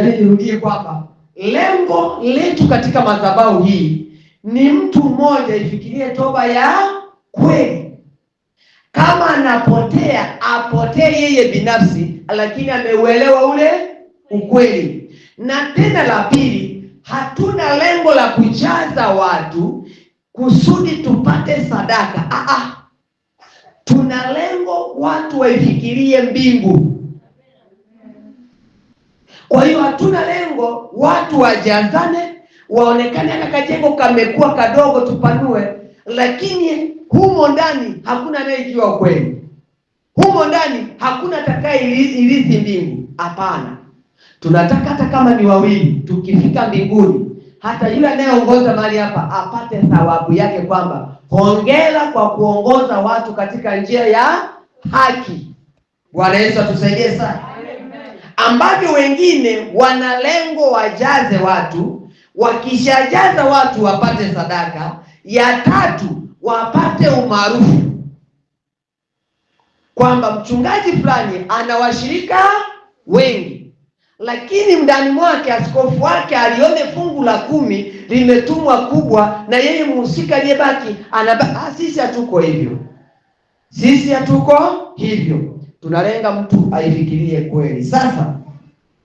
Yaani nirudie kwamba lengo letu katika madhabahu hii ni mtu mmoja ifikirie toba ya kweli. Kama anapotea apotee yeye binafsi, lakini ameuelewa ule ukweli. Na tena la pili, hatuna lengo la kujaza watu kusudi tupate sadaka. Aa, ah, ah. tuna lengo watu waifikirie mbingu kwa hiyo hatuna lengo watu wajazane, waonekane hata kajengo kamekuwa kadogo, tupanue, lakini humo ndani hakuna anayejua kweli, humo ndani hakuna atakaye ilizi mbingu. Hapana, tunataka hata kama ni wawili, tukifika mbinguni hata yule anayeongoza mahali hapa apate thawabu yake, kwamba hongera kwa kuongoza watu katika njia ya haki. Bwana Yesu atusaidie sana ambavyo wengine wana lengo wajaze watu, wakishajaza watu wapate sadaka. Ya tatu wapate umaarufu kwamba mchungaji fulani ana washirika wengi, lakini ndani mwake askofu wake alione fungu la kumi limetumwa kubwa, na yeye mhusika aliyebaki anaba. Ah, sisi hatuko hivyo, sisi hatuko hivyo, tunalenga mtu aifikirie kweli. Sasa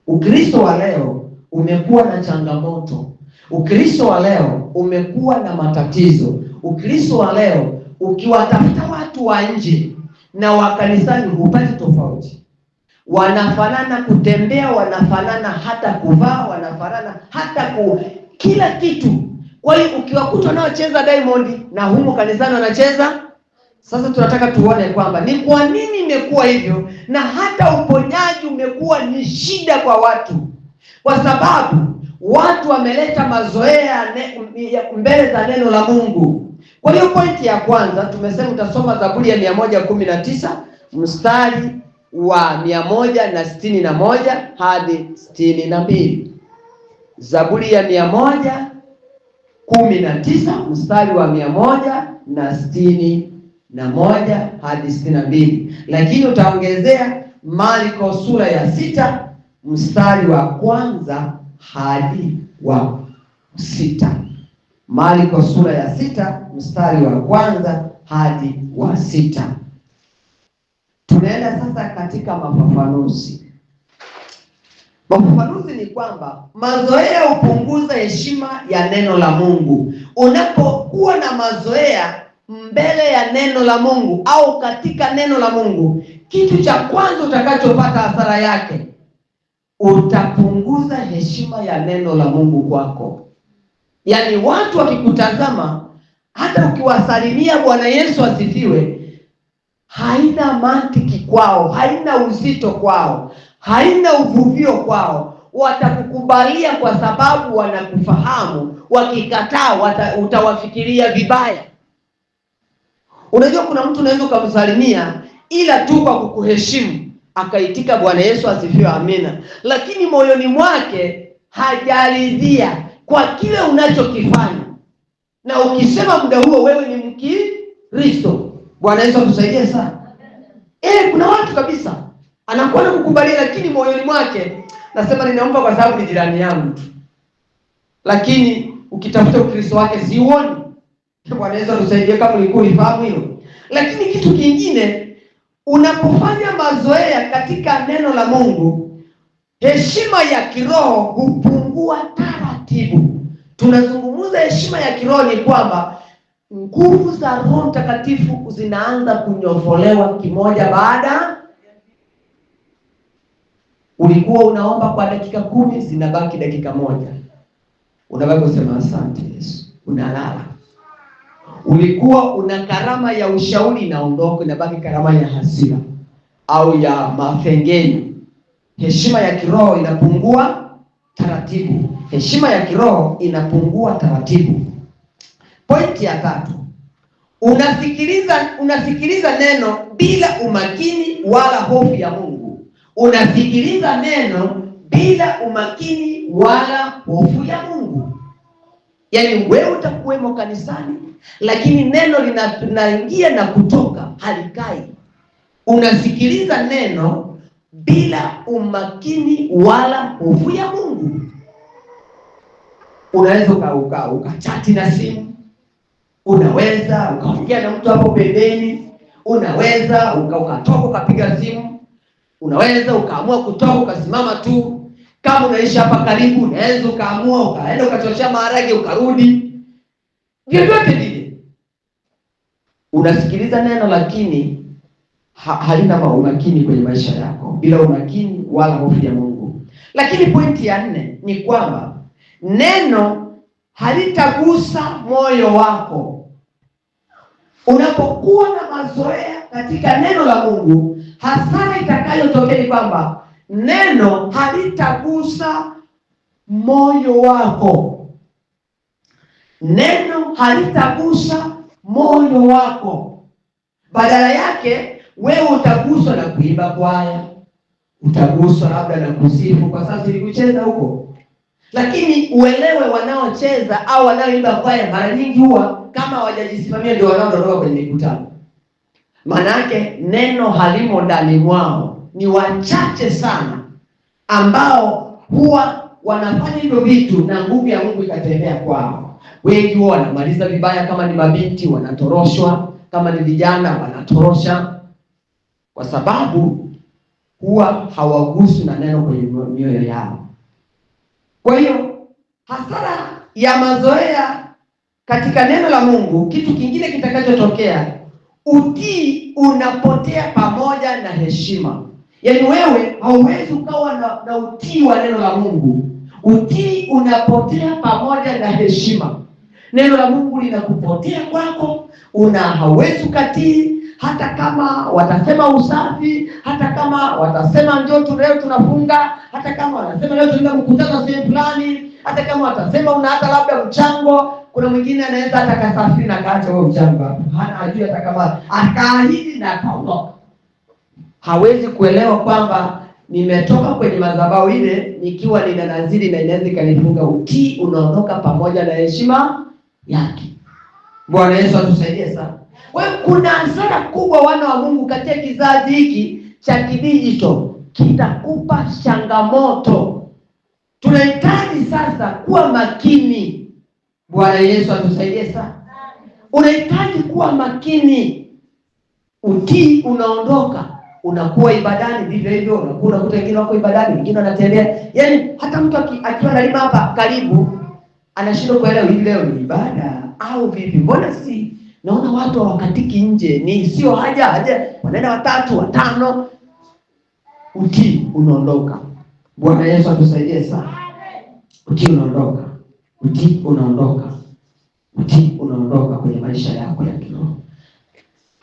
Ukristo wa leo umekuwa na changamoto. Ukristo wa leo umekuwa na matatizo. Ukristo wa leo ukiwatafuta watu wa nje na wa kanisani hupati tofauti. Wanafanana kutembea, wanafanana hata kuvaa, wanafanana hata ku kila kitu. Kwa hiyo ukiwakuta wanaocheza Diamond na humo kanisani wanacheza sasa tunataka tuone kwamba ni kwa nini imekuwa hivyo, na hata upo shida kwa watu, kwa sababu watu wameleta mazoea mbele za neno la Mungu. Kwa hiyo pointi ya kwanza tumesema, utasoma Zaburi ya 119 mstari wa 161 na hadi 62. Zaburi ya 119 mstari wa 161 hadi 62, lakini utaongezea Marko sura ya sita mstari wa kwanza hadi wa sita. Marko sura ya sita mstari wa kwanza hadi wa sita. Tunaenda sasa katika mafafanuzi. Mafafanuzi ni kwamba mazoea hupunguza heshima ya neno la Mungu. Unapokuwa na mazoea mbele ya neno la Mungu au katika neno la Mungu, kitu cha kwanza utakachopata hasara yake, utapunguza heshima ya neno la Mungu kwako. Yaani watu wakikutazama, hata ukiwasalimia Bwana Yesu asifiwe, haina mantiki kwao, haina uzito kwao, haina uvuvio kwao. Watakukubalia kwa sababu wanakufahamu. Wakikataa utawafikiria vibaya. Unajua, kuna mtu unaweza ukamsalimia ila tu kwa kukuheshimu. Akaitika, Bwana Yesu asifiwe, amina. Lakini moyoni mwake hajaridhia kwa kile unachokifanya, na ukisema muda huo wewe ni Mkristo. Bwana Yesu akusaidie sana. Eh, kuna watu kabisa anakuwa na kukubalia, lakini moyoni mwake nasema ninaomba kwa sababu ni jirani yangu, lakini ukitafuta Ukristo wake siuoni. Bwana Yesu akusaidie kama ulikuwa ulifahamu hilo. Lakini kitu kingine Unapofanya mazoea katika neno la Mungu, heshima ya kiroho hupungua taratibu. Tunazungumza heshima ya kiroho ni kwamba nguvu za Roho Mtakatifu zinaanza kunyofolewa kimoja baada. Ulikuwa unaomba kwa dakika kumi, zinabaki dakika moja, unabaki kusema asante Yesu, unalala Ulikuwa una karama ya ushauri inaondoka, inabaki karama ya hasira au ya mafengeni. Heshima ya kiroho inapungua taratibu, heshima ya kiroho inapungua taratibu. Pointi ya tatu, unasikiliza unasikiliza neno bila umakini wala hofu ya Mungu. Unasikiliza neno bila umakini wala hofu ya Mungu. Yaani wewe utakuwemo kanisani, lakini neno linaingia na kutoka halikai. Unasikiliza neno bila umakini wala hofu ya Mungu. Unaweza ukauka ukachati na simu, unaweza ukaongea na mtu hapo pembeni, unaweza ukatoka ukapiga simu, unaweza ukaamua kutoka ukasimama tu kama unaishi hapa karibu, unaweza ukaamua ukaenda ukachochea maharage ukarudi, vyovyote vile unasikiliza neno lakini ha halina umakini kwenye maisha yako, bila umakini wala hofu ya Mungu. Lakini pointi ya nne ni kwamba neno halitagusa moyo wako. Unapokuwa na mazoea katika neno la Mungu, hasara itakayotokea ni kwamba neno halitagusa moyo wako, neno halitagusa moyo wako. Badala yake wewe utaguswa na kuimba kwaya, utaguswa labda na kusifu kwa sababu zilikucheza huko. Lakini uelewe, wanaocheza au wanaoimba kwaya mara nyingi huwa kama hawajajisimamia ndio wanaondoka kwenye mikutano, maanake neno halimo ndani mwao ni wachache sana ambao huwa wanafanya hivyo vitu na nguvu ya Mungu ikatembea kwao. Wengi huwa wanamaliza vibaya, kama ni mabinti wanatoroshwa, kama ni vijana wanatorosha, kwa sababu huwa hawagusi na neno kwenye mioyo yao. Kwa hiyo hasara ya mazoea katika neno la Mungu, kitu kingine kitakachotokea, utii unapotea pamoja na heshima. Yaani wewe hauwezi ukawa na, na utii wa neno la Mungu. Utii unapotea pamoja na heshima. Neno la Mungu linakupotea kwako, una hauwezi ukatii hata kama watasema usafi, hata kama watasema njoo tu leo tunafunga, hata kama watasema leo tunaenda kukutana sehemu fulani, hata kama watasema una hata labda mchango. Kuna mwingine anaweza hata kasafiri na kaacha huo mchango hapo, hana ajui hata kama akaahidi na kaondoka hawezi kuelewa kwamba nimetoka kwenye madhabahu ile nikiwa nina nadhiri na inaweza ikanifunga. Utii unaondoka pamoja na heshima yake. Bwana Yesu atusaidie sana. Kwa hiyo kuna hasara kubwa, wana wa Mungu, katika kizazi hiki cha kidijito, kitakupa changamoto. Tunahitaji sasa kuwa makini. Bwana Yesu atusaidie sana. Unahitaji kuwa makini, utii unaondoka unakuwa ibadani vivyo hivyo, unakuwa unakuta wengine wako ibadani, wengine wanatembea. Yaani hata mtu akiwa analima hapa karibu anashindwa kuelewa hivi leo ni ibada au vipi? Mbona si naona watu hawakatiki nje, ni sio haja haja, wanaenda watatu watano, utii unaondoka. Bwana Yesu atusaidie sana. Utii unaondoka, utii unaondoka, utii unaondoka kwenye maisha yako ya kiroho.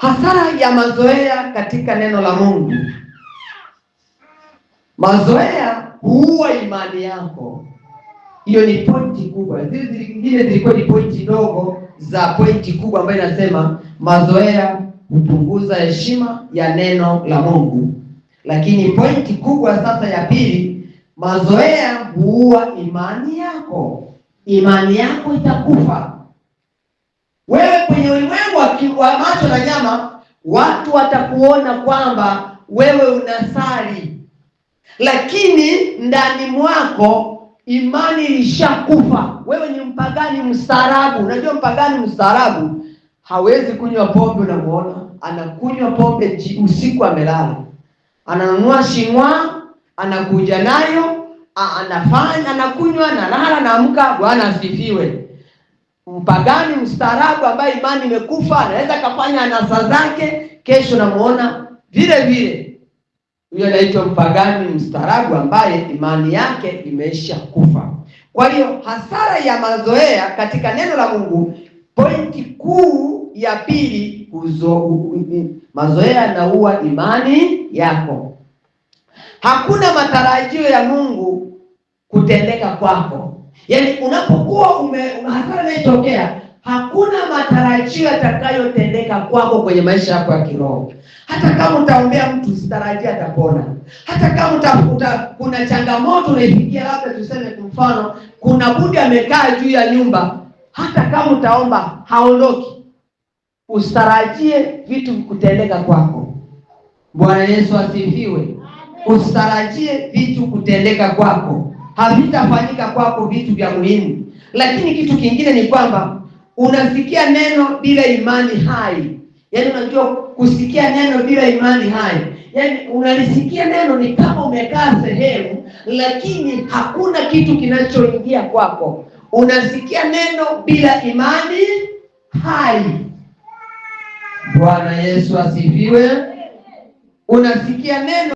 Hasara ya mazoea katika neno la Mungu. Mazoea huua imani yako. Hiyo ni pointi kubwa. Zile zingine zilikuwa ni pointi ndogo za pointi kubwa ambayo inasema mazoea hupunguza heshima ya neno la Mungu, lakini pointi kubwa sasa ya pili, mazoea huua imani yako. Imani yako itakufa. Wewe kwenye ulimwengu wa macho na nyama, watu watakuona kwamba wewe unasali, lakini ndani mwako imani ilishakufa. Wewe ni mpagani mstaarabu. Unajua mpagani mstaarabu hawezi kunywa pombe. Unamuona anakunywa pombe usiku, amelala, ananunua shimwa, anakuja nayo, anafanya, anakunywa, analala, naamka. Bwana asifiwe. Mpagani mstaarabu ambaye imani imekufa anaweza akafanya anasa zake, kesho namuona vile vile. Huyo anaitwa mpagani mstaarabu ambaye imani yake imeisha kufa. Kwa hiyo hasara ya mazoea katika neno la Mungu, pointi kuu ya pili, mazoea naua imani yako. Hakuna matarajio ya Mungu kutendeka kwako Yaani unapokuwa hasara inayotokea, hakuna matarajio yatakayotendeka kwako kwenye maisha yako ya kiroho. Hata kama utaombea mtu usitarajia atapona, hata kama uta, kuna changamoto unaifikia labda tuseme kwa mfano, kuna budi amekaa juu ya nyumba, hata kama utaomba haondoki, usitarajie vitu kutendeka kwako. Bwana Yesu asifiwe. Usitarajie vitu kutendeka kwako havitafanyika kwako vitu vya muhimu. Lakini kitu kingine ni kwamba unasikia neno bila imani hai, yaani unajua kusikia neno bila imani hai, yaani unalisikia neno ni kama umekaa sehemu, lakini hakuna kitu kinachoingia kwako. Unasikia neno bila imani hai. Bwana Yesu asifiwe. Unasikia neno